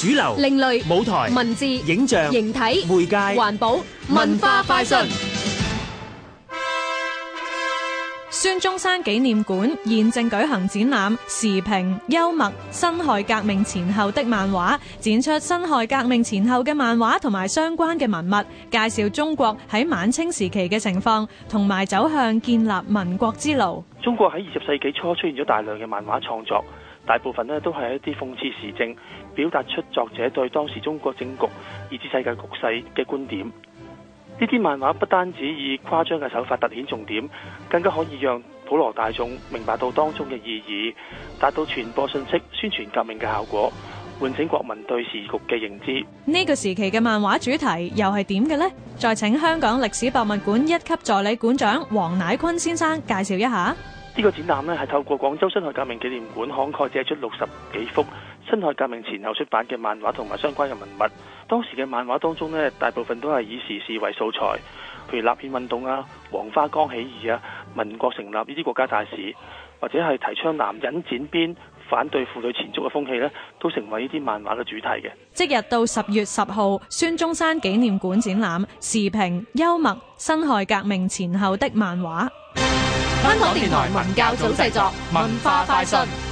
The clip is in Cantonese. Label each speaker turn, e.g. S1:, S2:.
S1: 主流、另類、舞台、文字、影像、形體、媒介、環保、文化快訊。孫中山紀念館現正舉行展覽，時評、幽默、辛亥革命前後的漫畫，展出辛亥革命前後嘅漫畫同埋相關嘅文物，介紹中國喺晚清時期嘅情況同埋走向建立民國之路。
S2: 中國喺二十世紀初出現咗大量嘅漫畫創作。大部分呢都係一啲諷刺時政，表達出作者對當時中國政局以至世界局勢嘅觀點。呢啲漫畫不單止以誇張嘅手法突顯重點，更加可以讓普羅大眾明白到當中嘅意義，達到傳播信息、宣傳革命嘅效果，喚醒國民對時局嘅認知。
S1: 呢個時期嘅漫畫主題又係點嘅呢？再請香港歷史博物館一級助理館長黃乃坤先生介紹一下。
S2: 呢個展覽呢係透過廣州辛亥革命紀念館慷慨借出六十幾幅辛亥革命前後出版嘅漫畫同埋相關嘅文物。當時嘅漫畫當中呢，大部分都係以時事為素材，譬如立憲運動啊、黃花崗起義啊、民國成立呢啲國家大事，或者係提倡男人剪邊、反對婦女纏足嘅風氣呢，都成為呢啲漫畫嘅主題嘅。
S1: 即日到十月十號，孫中山紀念館展覽時評幽默辛亥革命前後的漫畫。
S2: 香港電台文教組製作，文，文化快訊。